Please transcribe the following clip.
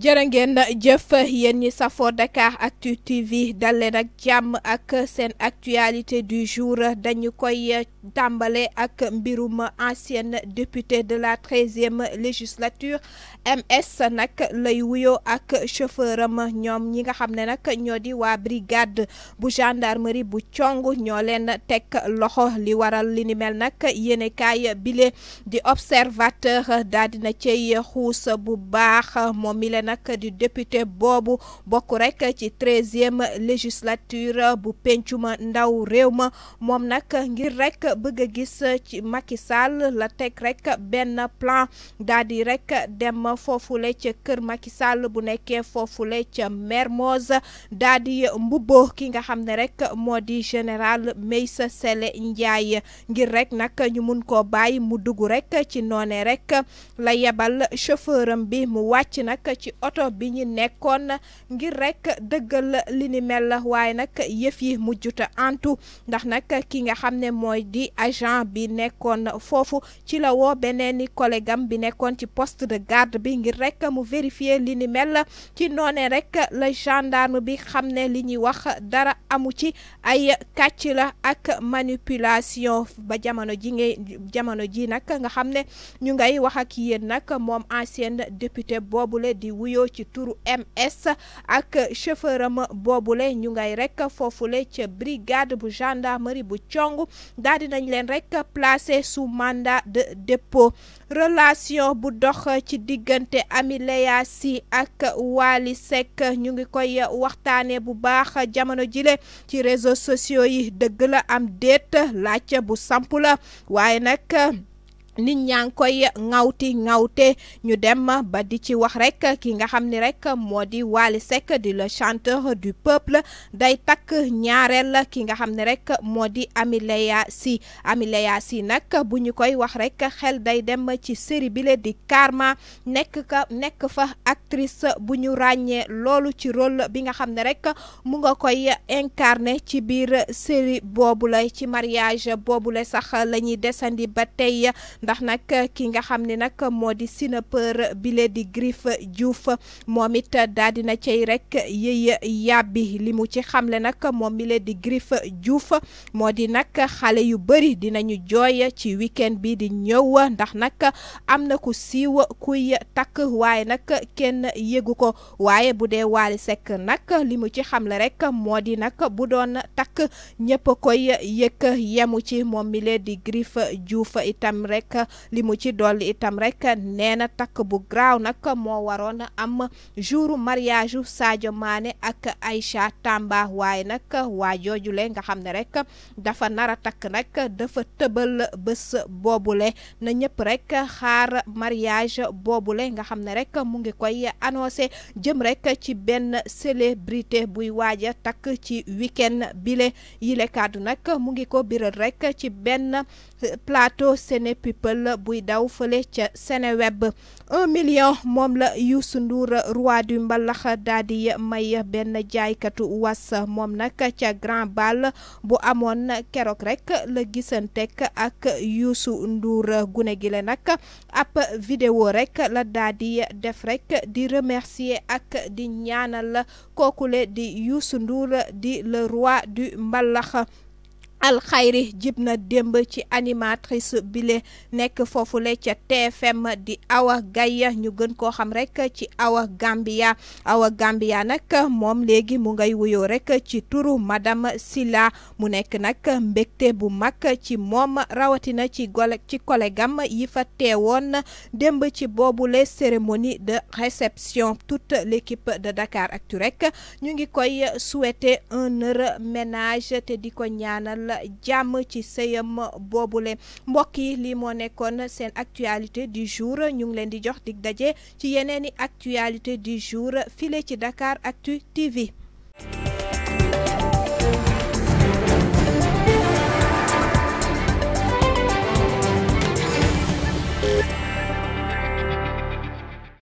jërë ngeen jëf yéen ñi safoo Dakar Actu TV dalee nag jàmm ak seen actualité du jour dañu koy tàmbale ak mbirum ancienne députée de la treizième législature MS nag lay wuyo ak chauffeur am ñoom ñi nga xam ne nag ñoo di waa brigade bu gendarmerie bu cong ñoo leen teg loxo li waral li ni mel nag yéenekaay bile di observateur daal dina cay xuus bu baax moom mi leen nag di député boobu bokk rekk ci treizième législature bu pencum ndaw réew ma moom nag ngir rekk bëgg gis ci Macky Sall la teg rekk benn plan daal di rek dem foofule ca kër Macky Sall bu nekkee foofule ca Mermoz daal mbubbo ki nga xam ne rek moo di général Meissa Sele Ndiaye ngir rek nag ñu mun koo bàyyi mu dugg rekk ci noone rek la yebal chauffeuram bi mu wàcc nag ci oto bi ñu nekkoon ngir rek dëggal li ni mel waaye nag yëf yi mujjut antu ndax nag ki nga xam ne mooy di agent bi nekkoon foofu ci la woo beneen i collègue am bi nekkoon ci poste de garde bi ngir rek mu vérifier li ni mel ci noone rek la gendarme bi xam ne li ñuy wax dara amu ci ay kàcc la ak manipulation ba jamono ji ngay jamono ji nag nga xam ne ñu ngay wax ak yéen nag moom ancienne député boobule di wuy wuyoo ci turu ms ak chauffeuram boobule ñu ngay rek foofule ca brigade bu gendarmerie bu cong daal di nañ leen rek placé sous mandat de dépôt relation bu dox ci diggante Amy Léa ak Wally Seck ñu ngi koy waxtaanee bu baax jamono jile ci réseaux sociaux yi dëgg la am déet laaj bu samp la waaye nag nit ñaa ngi koy ŋawti ŋawte ñu dem ba di ci wax rek ki nga xam ni rek moo di Wally Seck di le chanteur du peuple day takk ñaareel ki nga xam ne rek moo di Amileya Sy Amileya Sy nag bu ñu koy wax rek xel day dem ci série bile di Karma nekk ka nekk fa actrice bu ñu ràññee loolu ci rôle bi nga xam ne rek mu nga koy incarné ci biir série boobu la ci mariage boobu la sax la ñuy desandi ba tey. ndax nag ki nga xam ne nag moo di sinapeur bile di Griff Diouf moom it daal na cay rek yëy yàbbi li mu ci xamle nag moom bile di Griff Diouf moo di nag xale yu bëri dinañu jooye ci weekend bi di ñëw ndax nag am na ku siiw kuy takk waaye nag kenn yëgu ko waaye bu dee Wally Seck nag li mu ci xamle rek moo di nag bu doon takk ñëpp koy yëkk yemu ci moom bile di Griff Diouf itam rek li mu ci dolli itam rek nee na takk bu graaw nag moo waroon am jouru mariage u maane ak ay Aïcha Tamba waaye nag waa le nga xam ne rek dafa nar a takk nag dafa tëbal bés boobule na ñëpp rek xaar mariage boobule nga xam ne rek mu ngi koy annoncé jëm rek ci benn célébrité buy waaja takk ci wiken end bile yile kàddu nag mu ngi ko biral rek ci benn plateau Sénépup buy daw fële ca Seneweb un million moom la Youssou Ndour roi du mbalax daal di may benn jaaykatu was moom nag ca Grand Bal bu amoon keroog rekk la gisanteeg ak Youssou Ndour gune gi la nag ab vidéo rekk la daal di def rekk di remercier ak di ñaanal kookule di Youssou Ndour di le roi du mbalax alxayri jib na démb ci animatrice bile nekk foofule ca TFM di Awa Gaye ñu gën koo xam rek ci Awa Gambia Awa Gambia nag moom léegi mu ngay wuyoo rek ci turu madame Silla mu nekk nag mbégte bu mag ci moom rawatina ci gole ci collègam yi fa teewoon démb ci boobule cérémonie de réception toute l'équipe de Dakar Actu rek ñu ngi koy souhaiter un heureux ménage te di ko ñaanal. jàmm ci sëyam boobule mbokk yi lii moo nekkoon seen actualité du jour ñu leen di jox dig daje ci yeneeni actualité du jour file ci Dakar Actu TV